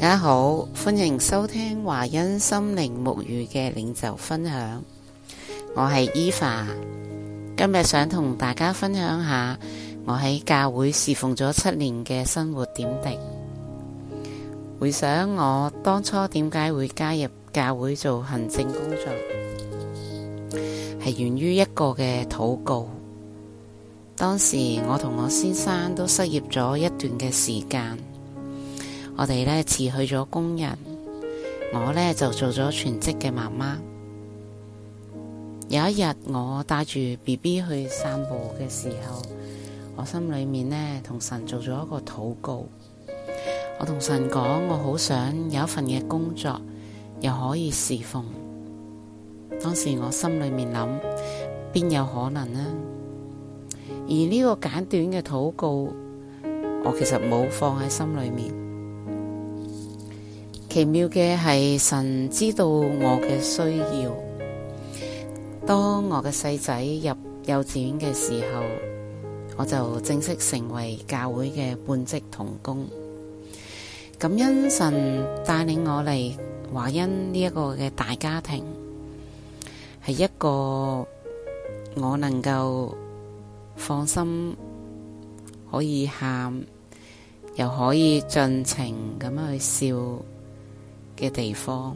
大家好，歡迎收聽華恩心靈牧語嘅領袖分享。我係 Eva，今日想同大家分享下我喺教會侍奉咗七年嘅生活點滴。回想我當初點解會加入教會做行政工作，係源於一個嘅禱告。當時我同我先生都失業咗一段嘅時間。我哋咧辭去咗工人，我咧就做咗全職嘅媽媽。有一日，我帶住 BB 去散步嘅時候，我心裏面呢同神做咗一個禱告。我同神講，我好想有一份嘅工作，又可以侍奉。當時我心裏面諗，邊有可能呢？而呢個簡短嘅禱告，我其實冇放喺心裏面。奇妙嘅係神知道我嘅需要。當我嘅細仔入幼稚園嘅時候，我就正式成為教會嘅半職同工。感恩神帶領我嚟華恩呢一個嘅大家庭，係一個我能夠放心可以喊，又可以盡情咁去笑。嘅地方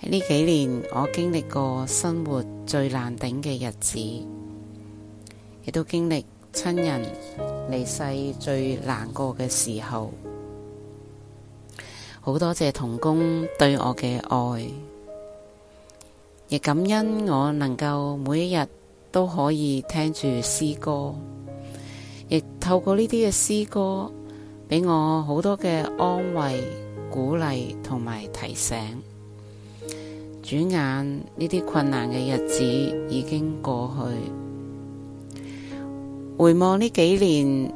喺呢幾年，我經歷過生活最難頂嘅日子，亦都經歷親人離世最難過嘅時候。好多謝同工對我嘅愛，亦感恩我能夠每一日都可以聽住詩歌，亦透過呢啲嘅詩歌俾我好多嘅安慰。鼓勵同埋提醒，轉眼呢啲困難嘅日子已經過去。回望呢幾年，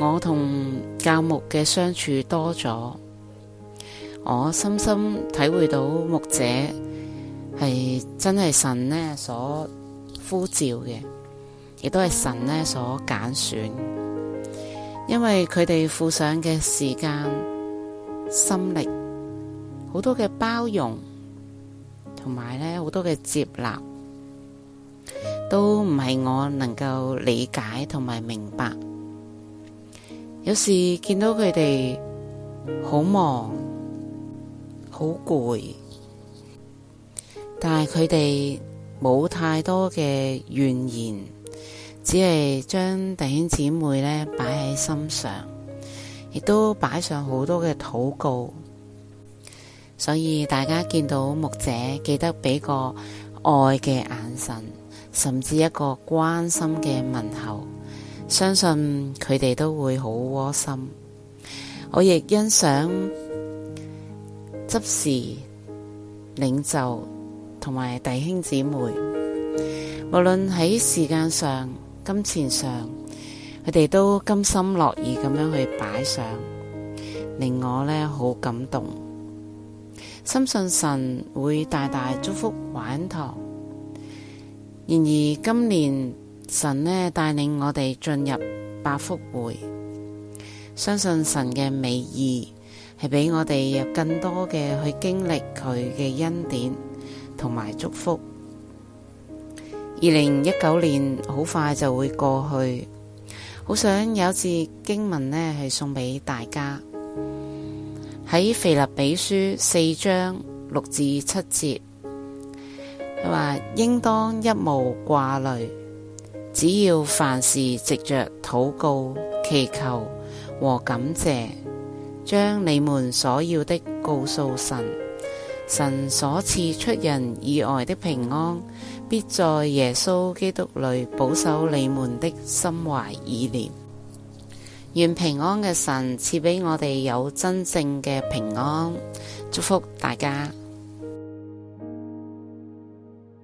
我同教牧嘅相處多咗，我深深體會到牧者係真係神呢所呼召嘅，亦都係神呢所揀選，因為佢哋付上嘅時間。心力，好多嘅包容，同埋咧好多嘅接納，都唔係我能夠理解同埋明白。有時見到佢哋好忙，好攰，但係佢哋冇太多嘅怨言，言，只係將弟兄姊妹咧擺喺心上。亦都擺上好多嘅禱告，所以大家見到牧者，記得俾個愛嘅眼神，甚至一個關心嘅問候，相信佢哋都會好窩心。我亦欣賞執事領袖同埋弟兄姊妹，無論喺時間上、金錢上。佢哋都甘心樂意咁樣去擺上，令我呢好感動。深信神會大大祝福玩堂。然而今年神呢帶領我哋進入百福會，相信神嘅美意係俾我哋有更多嘅去經歷佢嘅恩典同埋祝福。二零一九年好快就會過去。好想有次經文呢係送俾大家。喺腓立比書四章六至七節，佢話應當一無掛慮，只要凡事藉着禱告、祈求和感謝，將你們所要的告訴神。神所賜出人意外的平安，必在耶穌基督裏保守你們的心懷意念。願平安嘅神賜俾我哋有真正嘅平安，祝福大家。